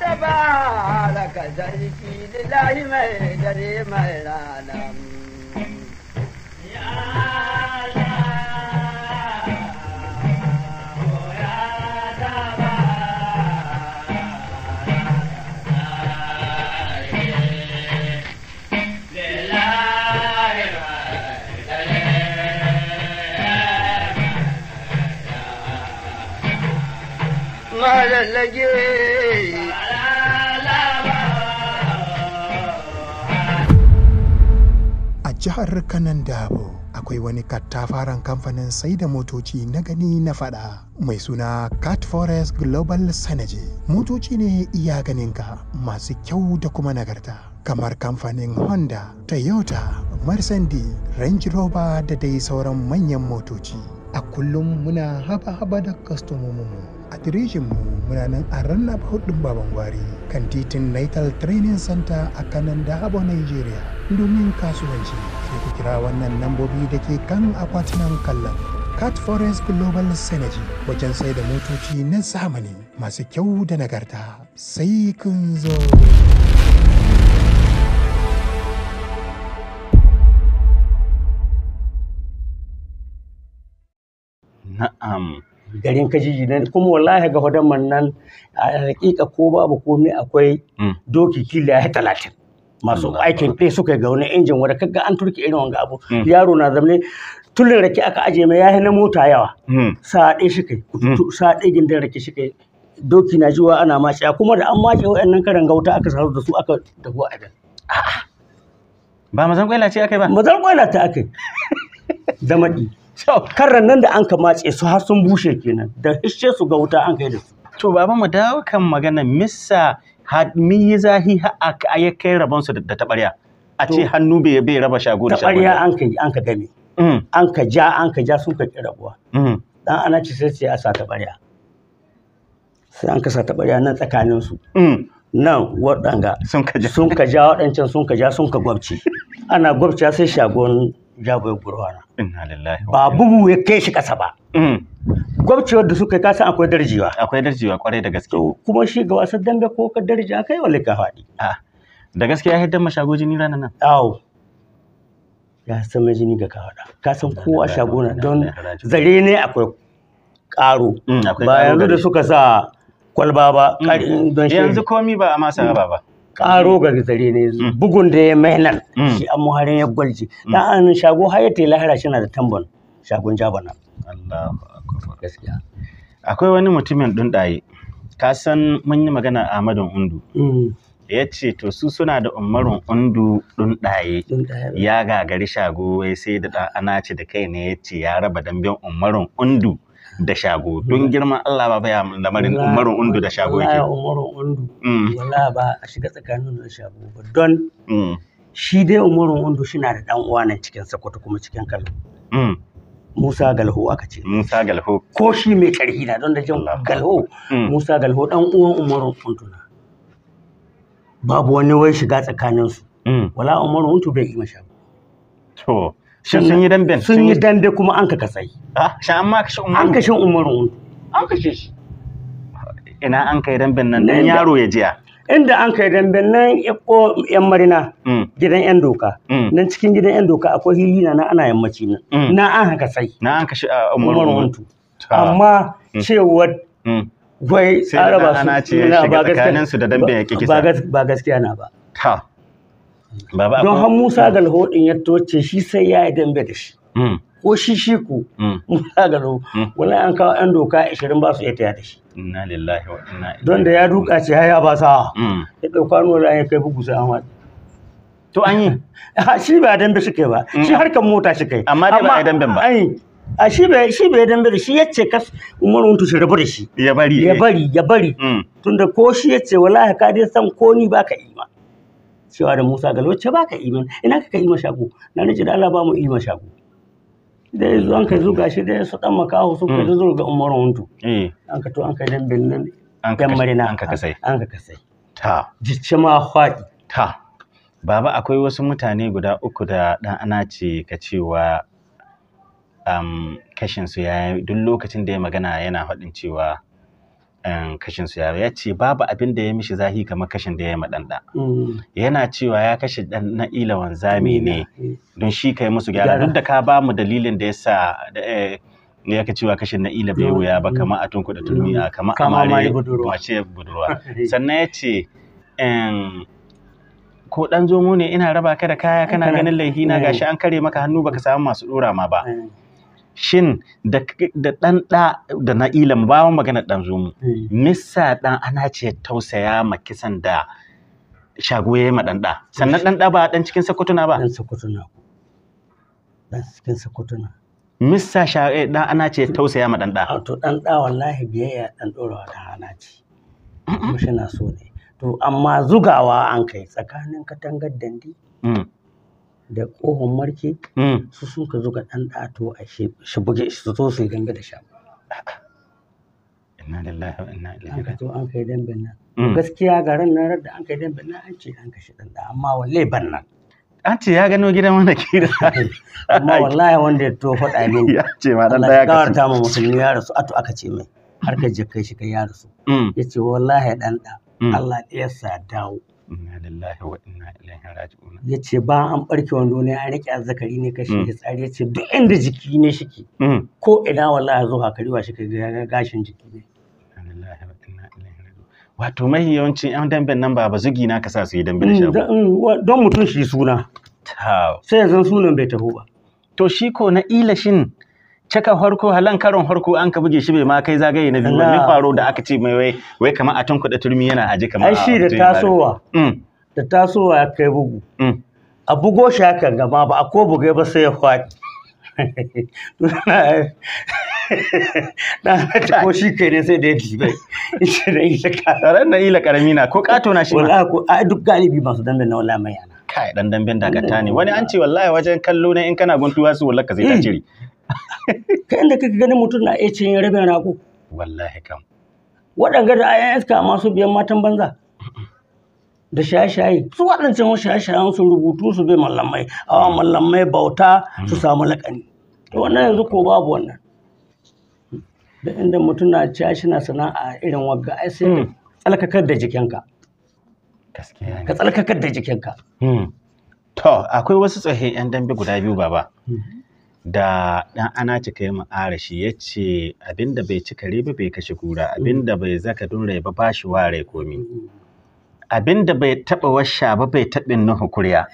تبارك سركي لله ما يدري ما العالم يا ما jihar kanandabo dabo akwai wani katafaren kamfanin sai da motoci na gani na fada mai suna cat forest global sanaje motoci ne iya ganin ka masu kyau da kuma nagarta kamar kamfanin honda toyota mercedes range rover da dai sauran manyan motoci a kullum muna haba-haba da kastomominmu a mu muna nan a ranar hudun baban gwari kan titin natal training center a kanan dabo nigeria domin kasuwanci ke kira wannan lambobi da ke kan akwatunan kallon cat forest global synergy wajen sai da motoci na zamani masu kyau da nagarta sai kun zo na'am garin kajiji nan kuma wallahi ga hudan nan a hakika ko babu komai akwai mm. doki kila ya talatin masu aikin ɗaya suka ga wani injin wadda kaga an turke irin wanga abu hmm. yaro na zamne tulin rake aka aje mai yahi na mota yawa hmm. sa ɗaya shi kai hmm. sa ɗaya gindin rake shi kai doki na jiwa ana maciya kuma da an mace wayannan karan gauta aka saru da su aka dago a ba mazan kwaila ce akai ba mazan kwaila ta akai. yi da maɗi karran nan da an ka mace su har sun bushe kenan da hishe su gauta an kai da su to baba mu dawo kan magana missa mun yi zahi a ya kai rabonsu da taɓarya a ce hannu bai raba shago da shago da an ka an ka game mm. an ka ja an ka ja sun ka ki rabuwa mm. dan ana ce sai sai a sa taɓarya sai an ka sa taɓarya nan tsakanin su mm. nan waɗanga sun ka ja waɗancan sun ka ja sun ka gwabci ana gwabci sai shagon jabo ya gurwana ba bugu ya kai shi ƙasa ba gwabcewar da suka yi kasan akwai darjewa akwai darjewa kwarai da gaske kuma shi ga wasan dambe ko ka darje yi wa laifin faɗi da gaske ya hidda mashago jini ranar nan awo ya san mai jini ga kawada Kasan kowa shagona don zare ne akwai ƙaro mm, ba yanzu da suka sa kwalba ba mm. don shi yanzu komi ba a masa ba ba karo ga zare ne mm. bugun da ya mainan. shi an muharin ya gwalji dan an shago har ya tela lahira shi na da tambon shagon jabana gaskiya akwai wani mutumin dundaye ka san mun yi magana a madon Undu mm. ya ce to su suna da umarun undu dundaye eh. ya gagari shago wai sai da ana ce da kai ne ya ce ya raba damben umarun undu da shago don mm. girman Allah ba baya lamarin umarun undu da shago yake umarun undu mm. wala ba a shiga tsakanin da shago ba don shi dai umarun undu shi na da dan uwa nan cikin Sokoto kuma cikin Kano Musa Galho aka ce. Musa Galho. Ko shi mai ƙarfi na don da jan Galho. Hmm. Musa Galho ɗan uwan Umaru Kuntuna. Babu wani wai shiga tsakaninsu. Hmm. Wala Umaru Kuntu bai yi masha. To, sun yi dambe. Sun yi dambe kuma an ka kasai. Ah, an ma kashe Umaru. An kashe Umaru Kuntu. An kashe shi. Ina an kai dambe nan don yaro ya jiya. inda an kai damben nan yan marina mm. gidan yan doka mm. nan cikin gidan yan doka akwai hili na ana yammaci na. Mm. na an haka sai na an kashi ah, umar Wuntu. amma cewa gwai araba su na ba gaskiya su da dambe ya kisa. ba gaskiya na ba don har musa galho din ya toce shi sai ya yi dambe da shi ko shi shi ku musa galho wani an kawo yan doka 20 ba su iya taya da shi inna lillahi wa inna ilaihi don da ya duka ce haya ba sa ya dauka mm. nuwar an ya kai bugu sai an watsi to an yi shi ba dambe shi kai ba shi mm. harkar mota shi kai amma dai ba ai damben ba a shi bai shi bai dambe da shi yace kas umaru wuntu shi rabu da shi ya bari ya eh. bari ya bari mm. tunda ko shi yace wallahi ka dai san ko ni baka ima cewa da Musa Galo ce baka iman ina ka ka ima shago na nace da Allah ba mu ima shago da ya an ka zuga shi da ya su dan makaho su kai hmm. zuwa ga umaru huntu eh. an ka to an ka dan binnan dan marina an ka kasai an ka kasai ta jicce ma faɗi ta baba akwai wasu mutane guda uku da dan ana ce ka cewa um, kashin su ya duk lokacin da ya magana yana faɗin cewa kashin su yaro ya ce babu abin da ya mishi zahi kamar kashin da ya yi ɗanɗa mm. yana cewa ya kashe ɗan na ila wanzami ne mm. don shi kai musu gyara duk da ka ba mu dalilin da ya sa ne eh, ka cewa kashin na ila bai mm, wuya ba kamar a tunkuɗa turmi a kamar amare mace budurwa sannan ya ce ko ɗan zomo ne ina raba ka da kaya kana ganin laifi na eh. gashi an kare maka hannu baka samu masu ɗora ma ba eh. shin da ɗan ɗa da na ilam ba magana ɗan zumu eh. misa ɗan ana ce tausaya ma kisan da shago ya yi ma ɗan ɗa sannan ɗan ɗa ba ɗan cikin sakutuna ba ɗan sakutuna ɗan cikin sakutuna misa shago eh, ɗan ana ce tausaya ma ɗan ɗa to ɗan ɗa wallahi biyayya ɗan ɗorawa ta hana ce kuma shi na so ne to amma zugawa an kai tsakanin katangar dandi mm. da ƙohon marke hmm. su sun ka zuga ɗan ɗato a shi buge su zo su yi da shago. Inna lillahi wa inna ilaihi raji'un. An kai damben nan. Hmm. Gaskiya garin nan da an kai damben nan an ce an kashe ɗan ɗa amma wallahi ban nan. An ce ya gano gidan wanda ke da amma wallahi wanda ya to faɗa min. Ya ce ma ɗan ɗa ya kasu. Allah ya ta ma musulmi ya rasu ato aka ce mai har ka je kai shi kai ya rasu. Hmm. Ya ce wallahi ɗan ɗa Allah ya sa dawo. inna lillahi wa inna ilaihi raji'un yace ba an barke wando ne an rike azzakari ne kashi mm. ya tsari yace duk inda jiki ne shike mm. ko ina wallahi zo hakari wa shi ga gashin jiki ne lillahi wa inna ilaihi raji'un wato mai yawanci yan damben nan ba bazugi na sa su yi dambe da mm, shago don mutum shi suna sai yanzu sunan bai taho ba to shi ko na ilashin caka harko halan karon harko an ka buge shi bai ma kai zagaye na biyu wani faro da aka ce mai wai wai kamar a tunkuɗa turmi yana aji kamar ai shi da tasowa mm. da tasowa ya kai bugu mm. a bugo shi haka gama ba a ko buge ba sai ya faɗi na ta ko shi kai ne sai da ya dibe ita da ila karan na ila karami na ko kato na shi Wala ko a duk galibi masu dambe na wala mai yana kai dandan damben dagata ne wani an ce wallahi wajen kallo ne in kana guntuwa su wallaka ka zai ta jiri. Eh. kai da kake ganin mutum na iya cinye rabin rago wallahi kam waɗanga da ayan iska masu biyan matan banza da shaye-shaye su waɗancan shaye-shayen su rubutu su bai mallamai awa mallamai bauta su samu laƙani to wannan yanzu ko babu wannan da inda mutum na ci shi na sana'a irin wagga ai sai hmm. tsalkakar da jikinka ka tsalkakar da jikinka hmm. to akwai wasu tsohe 'yan dambe guda biyu baba hmm. da ɗan ana cika yi arashi ya ce abinda bai cika riba bai kashe kura abinda bai zaka dun rai ba ba shi ware komi abinda bai taɓa washa ba bai taɓin nuhu kuriya.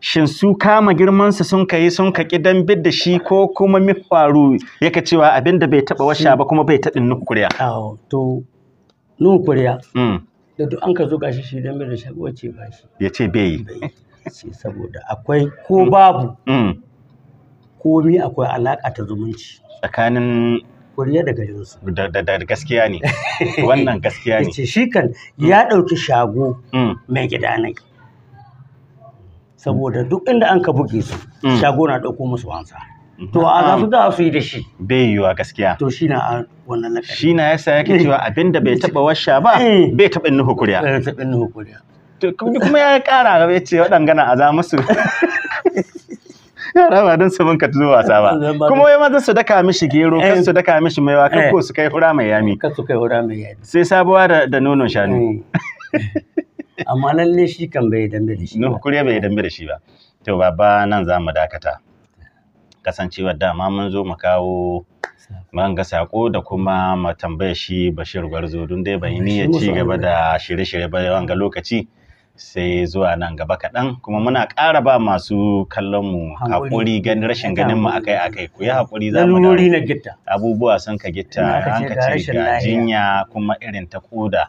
shin su kama girmansa sun ka yi sun ka kidan bid da shi ko kuma mi faru yaka cewa abinda bai taɓa washa ba kuma bai taɓin nuhu kurya to nuhu kuriya. Mm. da duk an ka zo gashi shi dan bid da shi ba shi ce bai yi saboda akwai ko babu mm. komi akwai alaƙa ta zumunci tsakanin kuriya da garinsu da gaskiya ne wannan gaskiya ne ce shi kan ya mm. ɗauki shago mm. mai gida nai. saboda duk inda an ka buge su mm. shago na ɗauko musu wansa mm-hmm. to a za su da su yi da shi bai yiwuwa gaskiya to shi na a wannan lakari shi na yasa yake cewa abinda bai taɓa washa ba eh. bai taɓa nuhu kuriya bai eh, taɓa nuhu kuriya kuma ya ƙara ya ce waɗangana a za musu yara ba don su minka tuzo wasa ba kuma wai maza su daka mishi gero eh. kan su daka mishi maiwa kan eh. ko su kai hura mai yami kan su kai hura mai yami sai sabuwa da da shanu eh. amma lalle shi kan bai dambe da shi ba kuriya bai dambe da shi ba to baba nan za mu dakata kasancewar dama mun zo mu kawo man ga sako da kuma mu tambaye shi Bashir Gwarzo dun dai bai niyya ci gaba da shirye-shirye ba wanga lokaci sai zuwa nan gaba kaɗan kuma muna ƙara ba masu kallon mu haƙuri ganin rashin ganin mu akai akai ku yi haƙuri za mu da abubuwa sun ka gitta an ka ce ga jinya kuma irin ta koda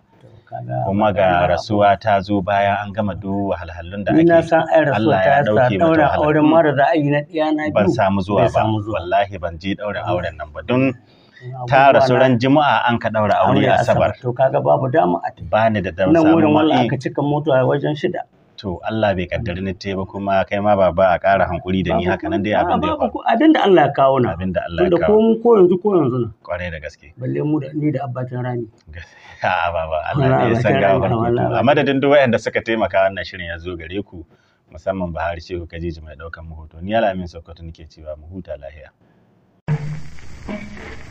kuma ga rasuwa ta zo bayan an gama duk wahalhalun da ake Allah ya dauke mata wahala ban samu zuwa ba wallahi ban je ɗaurin auren nan ba don ta rasu ran juma'a an ka daura aure asabar to kaga babu dama a ba ni da dama nan wurin wallahi aka cika mutuwa wajen shida to Allah bai kaddare ni ba kuma kai ma baba a ƙara hankuri da ni haka nan dai abin da ya faru abin da Allah ya kawo na abin da Allah ya kawo ko ko yanzu ko yanzu na kware da gaske balle mu da ni da abbatin rani a baba Allah ya san gawa a madadin duk waɗanda suka taimaka wannan shirin ya zo gare ku musamman Bahari Shehu Kajiji mai daukan mu hoto ni Alamin Sokoto nake cewa mu huta lahiya Thank you.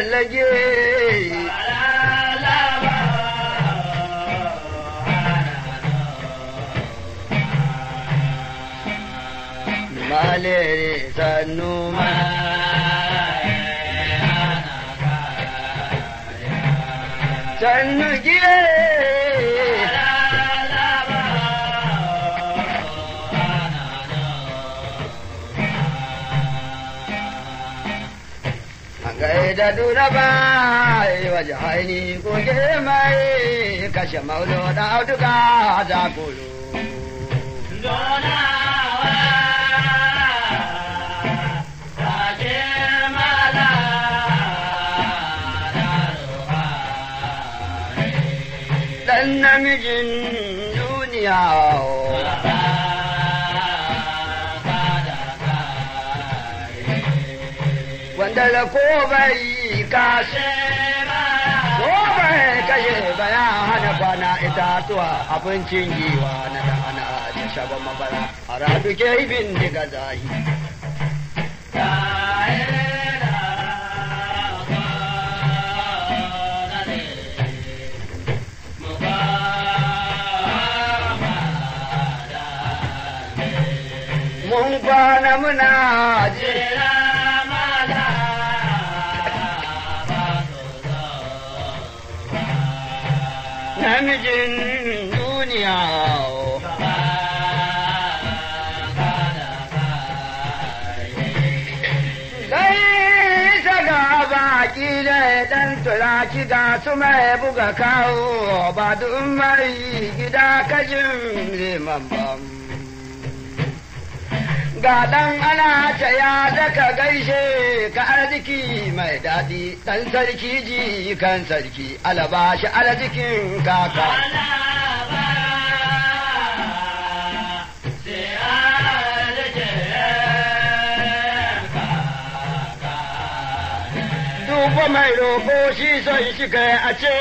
लॻे माले रे सनू Chanu da duraba wa jahani ko mai kashe maulo da auduga da kulu. Dan namijin duniya da bai kashe ko kashe ba ya hana bana itatuwa abincin giwa na e da ana da shaba mabara a radu ke bin diga zahi. mun kwana muna namijin duniya ga su mai buga kawo ba duk mai gida kajin liman ga ɗan ana ta ya daga gaishe ka arziki mai daɗi ɗan sarki ji kan sarki alabashi arzikin kaka. Dubo mai roƙo shi son shi kai a ce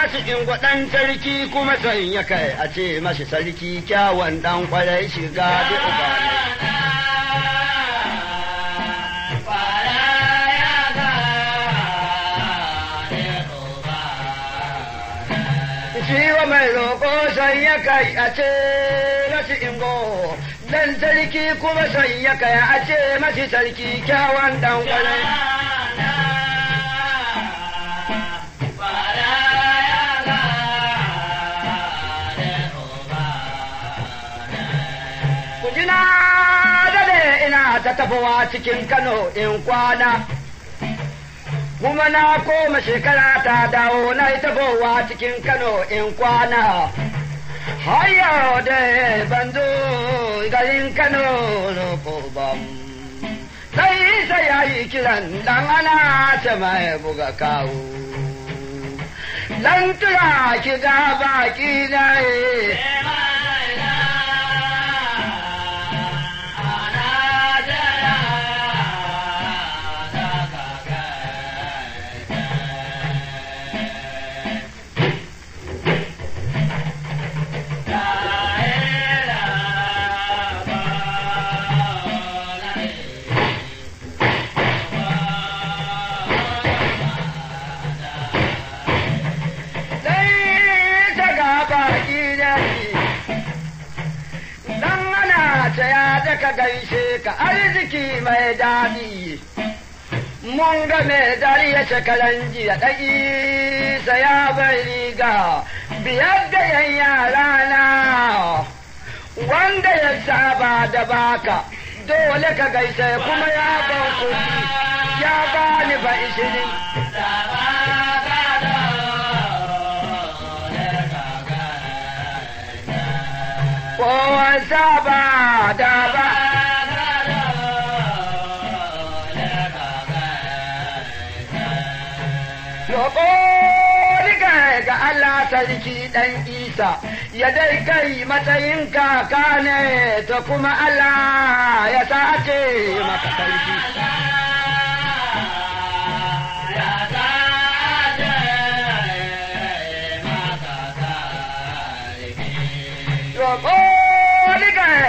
masu in ɗan sarki kuma son ya kai a ce mashi sarki kyawon ɗan ƙwarai shiga da ubana. shi wa mai roƙo san ya kai a ce mashi ingo dan sarki kuma san ya kai a ce masu sarki kyawan dan kwanan. Kujina da ina ta tafowa cikin Kano in kwana. kuma na koma shekara ta dawo na ita tabowa cikin kano in kwana har yau da ban zo garin kano na koban sai sai ya yi kiran dan ana ta mai buga kawo lantura ki ga baki na eh. ka gaishe ka arziki mai dadi Mun ga mai ya shekaran jiya ɗaki sa ya bai riga biyar da yan yara na wanda ya saba da baka dole ka gaishe kuma ya ban kuɗi ya bani ba ishirin. kowa da ba roƙo riga ga Allah sarki ɗan Isa, ya dai kai matsayin kaka ne ta kuma Allah ya ake maka sarki.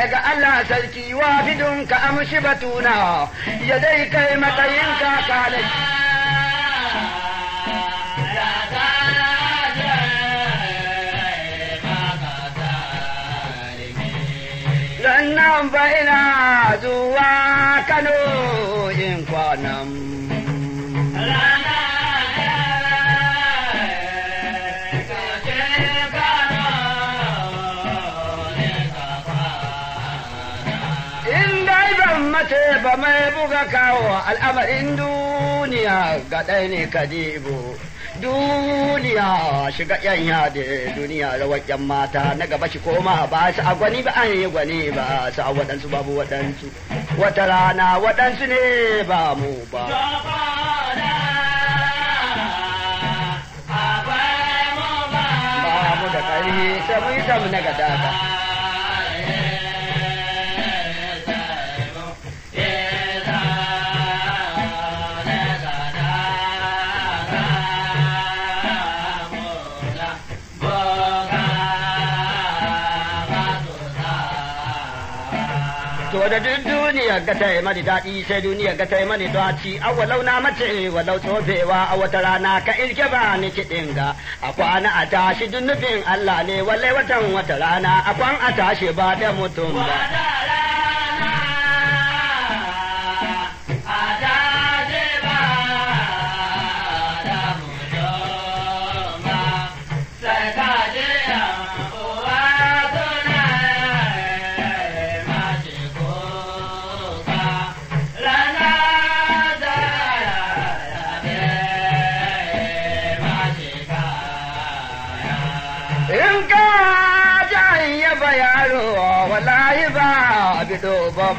ga Allah sarki wa bidun ka amshi batuna ya dai kai matsayin kaka sannan fa ina zuwa Kano in kwanan. Ba mai buga kawo al'amarin duniya ga ɗaya ne kadibu. duniya shiga yan da duniya rawar yan mata na gaba shi koma ba su a gwani ba an yi gwani ba su a waɗansu babu waɗansu wata rana waɗansu ne ba mu ba. Ba mu da ƙarfi sai yi na da duk duniya ga ta mani daɗi sai duniya ga ta mani daci awa launa mace lau tsofewa a wata rana ka ilke ba ni ki dinga a kwana a tashi duk nufin Allah ne wallai watan wata rana a kwan a tashi ba da mutum ba.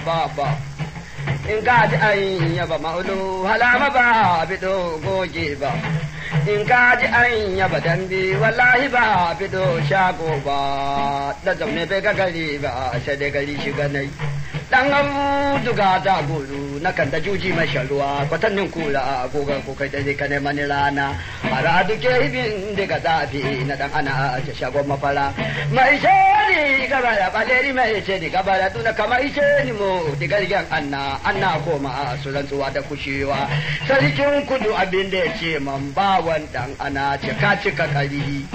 ba ba in ka ji maulu halama ba bido goge ba in ka ji an yaba dambe wallahi ba bido shago ba da zaune bai ga gari ba shade gari shiga nai dan abu duga na kan juji mai sharuwa kwatannin kula gogan kuka da zai kane mani rana ara na dan ana ta shagon mafara mai shari gaba da baleri mai ce ni gaba da tuna kamar ishe ni mo diga rigan anna anna koma a su rantsuwa da kushewa sarkin kudu abin da ya ce man bawan dan ana cika cika kari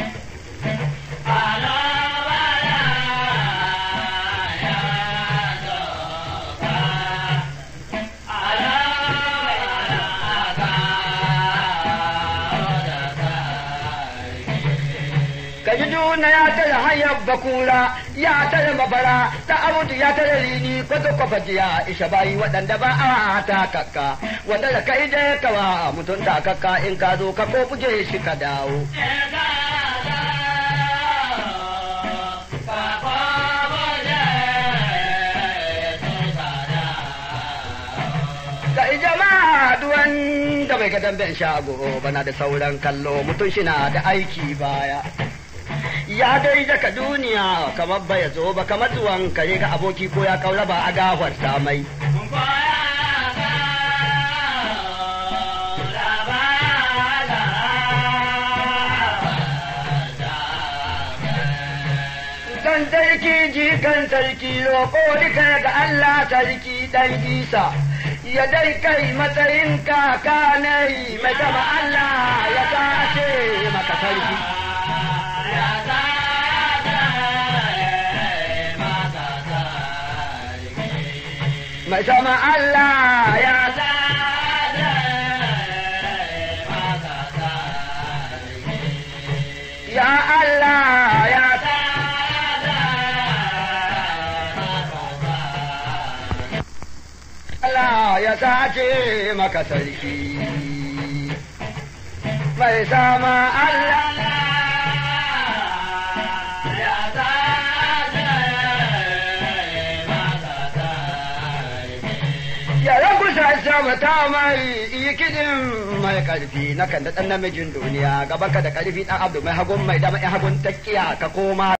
nuna ya tare hanyar bakura ya tare mabara ta abudu ya tare rini kwato kwafa jiya isha bayi waɗanda ba a ta kakka wanda da kai kawa mutum ta kakka in ka zo ka ko buje shi ka dawo. duwan da bai ga dambe shago bana da sauran kallo mutum shi na da aiki baya. ya gari jaka duniya kamar bai zo ba kamar zuwan kare ka aboki ko ya kaura ba a gafarta mai Zan sarki ji kan sarki roƙo duka ga Allah sarki ɗan isa ya dai kai matsayin kaka ne mai sama Allah ya tace maka sarki. mai sama Allah ya Ya Allah ya Allah ya sace maka sarki mai sama Allah sama ta mai ikidin mai karfi na kan da ɗan namijin duniya gaba ka da karfi ɗan abdu mai hagun mai mai hagun takiya ka koma